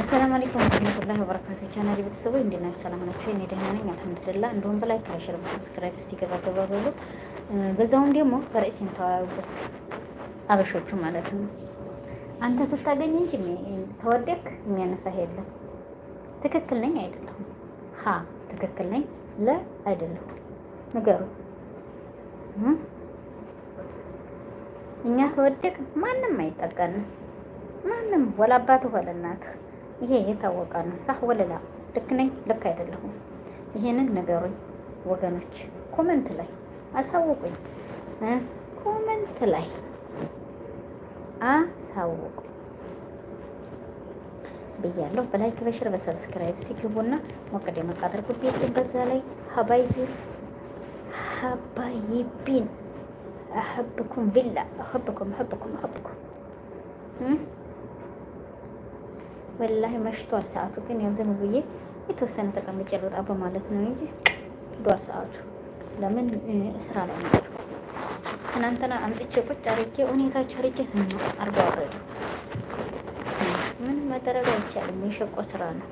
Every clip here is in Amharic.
አሰላሙ አለይኩም ወራህመቱላሂ ወበረካቱህ። ቻናል ቤተሰቦች እንዴት ናችሁ? ሰላም ናችሁ? እኔ ደህና ነኝ አልሐምዱሊላህ። እንደውም በላይክ በሸር በሰብስክራይብ እስቲ ገባ ገባ በሉ። በዛውም ደግሞ በርዕስ ተወያዩበት አበሾቹ ማለት ነው። አንተ ትታገኝ እንጂ ተወደክ የሚያነሳህ የለም። ትክክል ነኝ አይደለሁም? ሀ ትክክል ነኝ ለ አይደለሁም። ንገሩ እኛ ተወደቅ ማንም አይጠቀንም። ማንም ወላባትህ ወለናትህ ይሄ የታወቀ ነው። ሳህ ወለላ ልክ ነኝ ልክ አይደለሁም? ይሄንን ነገሩኝ ወገኖች፣ ኮመንት ላይ አሳውቁኝ፣ ኮመንት ላይ አሳውቁኝ ኮመንት ላይ አሳውቁ ብያለሁ በላይክ በሽር በሰብስክራይብ እስቲ ግቡና ሞቅ ደመቅ በዛ ላይ ሀባይ ሀባይቢን አህብኩም ቪላ አህብኩም አህብኩም አህብኩም ወላሂ መሽቷል ሰዓቱ። ግን ያው ዝም ብዬ የተወሰነ ተቀምጬ ልወጣ በማለት ነው እንጂ ሄዷል ሰዓቱ። ለምን ስራ ላይ ነው። ትናንትና አምጥቼ ቁጭ አርጌ ሁኔታቸው አርጌ አርጋ ወረዱ። ምንም መደረግ አይቻልም። የሸቆ ስራ ነው።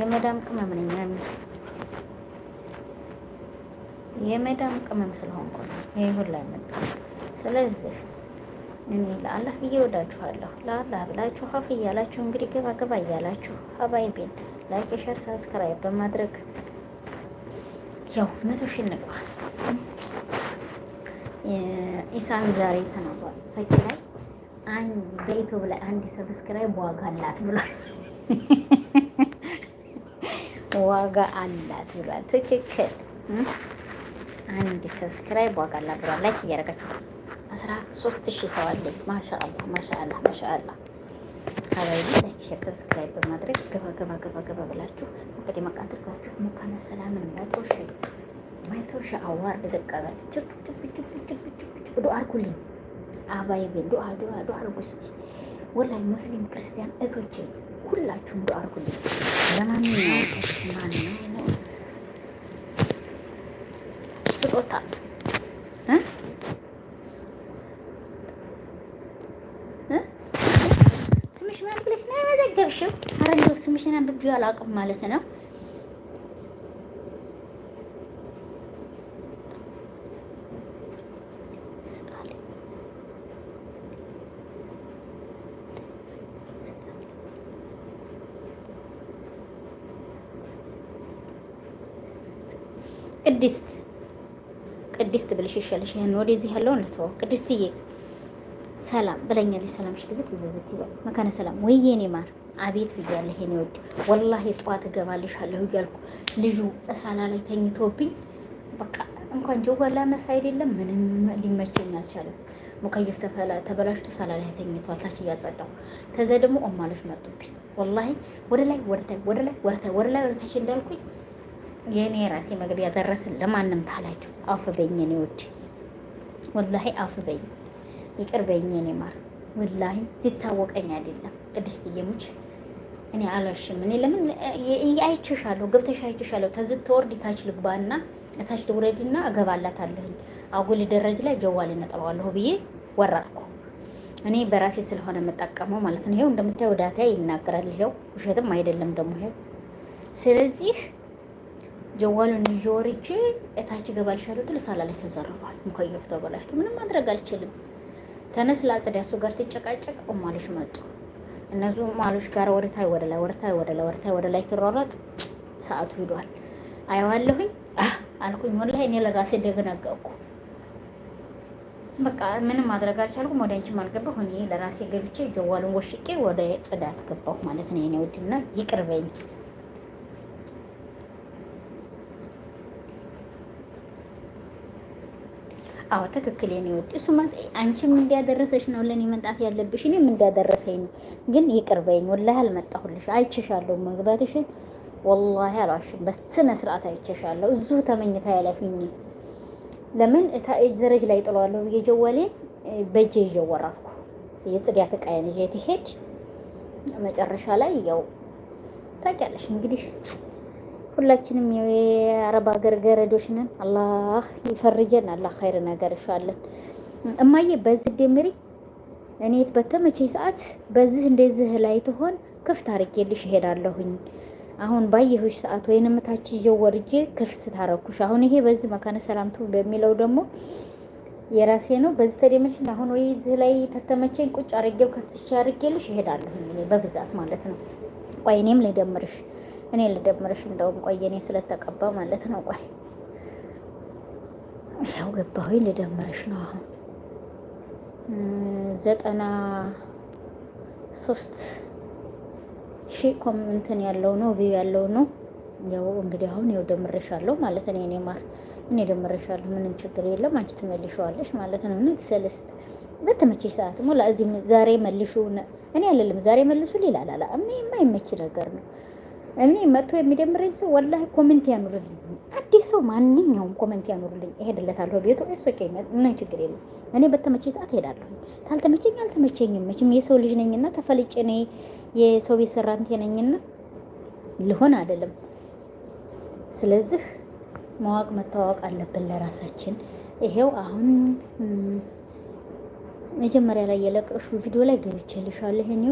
የመዳም ቅመም ነኝ የመዳም ቅመም ስለሆንኩ ነው ይሄ ሁላ መጣ። ስለዚህ እኔ ለአላህ ብዬ ወዳችኋለሁ። ለአላህ ብላችሁ ሀፍ እያላችሁ እንግዲህ ገባ ገባ እያላችሁ ሀባይቤን ላይክ፣ ሸር፣ ሳብስክራይብ በማድረግ ያው መቶ ሺህ እንግባ። ኢሳም ዛሬ ተናግሯል። ፈቂ ላይ በኢትዮብ ላይ አንድ ሰብስክራይብ ዋጋ አላት ብሏል። ዋጋ አላት ብሏል። ትክክል። አንድ ሰብስክራይብ ዋጋ አላት ብሏል። ላይክ እያደረጋችሁ አስራ ሶስት ሺህ ሰው አለኝ። ማሻአላ ማሻአላ ማሻአላ። ሀባይ ላይክ፣ ሼር፣ ሰብስክራይብ በማድረግ ገባ ገባ ገባ ገባ ብላችሁ እንግዲህ መቃድርጓችሁ ሙካና ሰላምን ማይቶሽ ማይቶሽ አዋርድ ደቀበል ችብ ችብ ችብ ችብ ችብ ችብ ዱአ አድርጉልኝ። አባይ ቤ ዱአ ዱአ ዱአ አድርጉ እስቲ ወላሂ ሙስሊም ክርስቲያን እህቶቼ ሁላችሁም ዱአ አድርጉልኝ። ለማንኛውም ማንኛውም ስጦታ አልጠገብሽም? አረንዶ እንደው ስምሽን አንብቤው አላውቅም ማለት ነው። ቅድስት ቅድስት ብልሽ ይሻልሽ። ይሄን ወደዚህ ያለውን ልትወው። ቅድስትዬ ሰላም ብለኛለች። ሰላምሽ ብዝት ዝዝት ይበል። መካነ ሰላም ወይዬ እኔ ማር አቤት ብያለሁ። ይሄን ይወድ ወላሂ ጠዋት እገባልሻለሁ እያልኩ ልጁ እሳላ ላይ ተኝቶብኝ በቃ እንኳን ጀጓላ መሳ አይደለም ምንም ሊመቸኝ አልቻለም። ሙከየፍ ተበላሽቶ ሳላ ላይ ተኝቷል። ታች እያጸዳሁ ከዛ ደግሞ ኦማሎች መጡብኝ። ወላሂ ወደ ላይ ወደታይ ወደ ላይ ወደታይ ወደ ላይ ወደታች እንዳልኩኝ የእኔ ራሴ መግቢያ ያደረስን ለማንም ታላቸው አፍ በኝ የኔ ውድ ወላሂ አፍ በኝ ይቅር በኝ ማር ወላሂ ሊታወቀኝ አይደለም ቅድስት እየሙች እኔ አላሽም። እኔ ለምን አይቼሻለሁ፣ ገብተሽ አይቼሻለሁ። ተዝት ተወርድ ታች ልግባና ታች ልውረድና እገባላታለሁኝ አጉል ደረጅ ላይ ጀዋል እነጥለዋለሁ ብዬ ወረድኩ። እኔ በራሴ ስለሆነ የምጠቀመው ማለት ነው። ይሄው እንደምታየው ዳታ ይናገራል። ይሄው ውሸትም አይደለም ደግሞ ይሄው። ስለዚህ ጀዋሉን ይዤ ወርጄ እታች እገባልሻለሁ ትል ሳላ ላይ ተዘርሯል። ሙከየፍ ተበላሽቶ ምንም ማድረግ አልችልም። ተነስ ላጽድ ያሱ ጋር ትጨቃጨቅ ቁማልሽ መጡ እነዙ ማሎች ጋር ወደታይ ወደላይ ወደታይ ወደላይ ወደታይ ወደላይ ትሯሯጥ ሰዓቱ ሂዷል። አየዋለሁኝ አልኩኝ። ወላሂ እኔ ለራሴ ደነገጥኩ። በቃ ምንም ማድረግ አልቻልኩም። ወደ አንቺም አልገባሁ እኔ ለራሴ ገብቼ ጀዋሉን ወሽቄ ወደ ጽዳት ገባሁ ማለት ነው። የኔ ውድና ይቅርበኝ። አዎ ትክክል የኔ ወድ እሱ አንቺም እንዲያደረሰሽ ነው ለኔ መምጣት ያለብሽ። እኔም እንዲያደረሰኝ ነው። ግን ይቅር በይኝ። ወላሂ አልመጣሁልሽ። አይቼሻለሁ መግባትሽን ወላሂ አልዋሽም። በስነ ስርዓት አይቼሻለሁ። እዚሁ ተመኝታ ላይ ሁኚ። ለምን ዘረጅ ላይ ጥለዋለሁ ብዬ ጀዋሌን በእጄ ይዤ ወረድኩ። የጽዳት ዕቃዬን ይዤ ትሄድ መጨረሻ ላይ ያው ታውቂያለሽ እንግዲህ ሁላችንም የአረብ ሀገር ገረዶች ነን። አላህ ይፈርጀን። አላህ ኸይር ነገር ይሻለን። እማዬ በዚህ ደምሪ እኔት በተመቼ ሰዓት በዚህ እንደዚህ ላይ ትሆን ክፍት አርጌልሽ እሄዳለሁኝ። አሁን ባየሁሽ ሰዓት ወይንም ታች ይዤው ወርጄ ክፍት ታረኩሽ። አሁን ይሄ በዚህ መካነ ሰላምቱ በሚለው ደግሞ የራሴ ነው። በዚህ ተደምሽ አሁን ወይ እዚህ ላይ ተተመቼን ቁጭ አርጌው ከፍትቼ አርጌልሽ እሄዳለሁኝ እኔ በብዛት ማለት ነው። ቆይ እኔም ልደምርሽ እኔ ልደምርሽ እንደውም ቆይ እኔ ስለተቀባ ማለት ነው። ቆይ ያው ገባሁኝ ልደምርሽ ነው አሁን ዘጠና ሶስት ሺ ኮምንትን ያለው ነው ቪው ያለው ነው። ያው እንግዲህ አሁን ያው ደምሬሻለሁ ማለት ነው። እኔ ማር እኔ ደምሬሻለሁ፣ ምንም ችግር የለም። አንቺ ትመልሺዋለሽ ማለት ነው። እና ሰለስት በተመቸሽ ሰዓት ሞላ እዚህ ዛሬ መልሹ፣ እኔ አለልም ዛሬ መልሱ ሊላላላ ላላ የማይመች ነገር ነው። እኔ መቶ የሚደምረኝ ሰው ወላ ኮሜንት ያኑርልኝ። አዲስ ሰው ማንኛውም ኮሜንት ያኑርልኝ፣ እሄድለታለሁ ቤቱ ሶቄ ችግር የለም። እኔ በተመቸኝ ሰዓት እሄዳለሁ። ታልተመቸኝ አልተመቸኝም። መቼም የሰው ልጅ ነኝና ተፈልጬ እኔ የሰው ቤት ሰራንቴ ነኝና ልሆን አይደለም። ስለዚህ ማወቅ መታወቅ አለብን ለራሳችን። ይሄው አሁን መጀመሪያ ላይ የለቀሹ ቪዲዮ ላይ ገብቼልሻለሁ ይሄን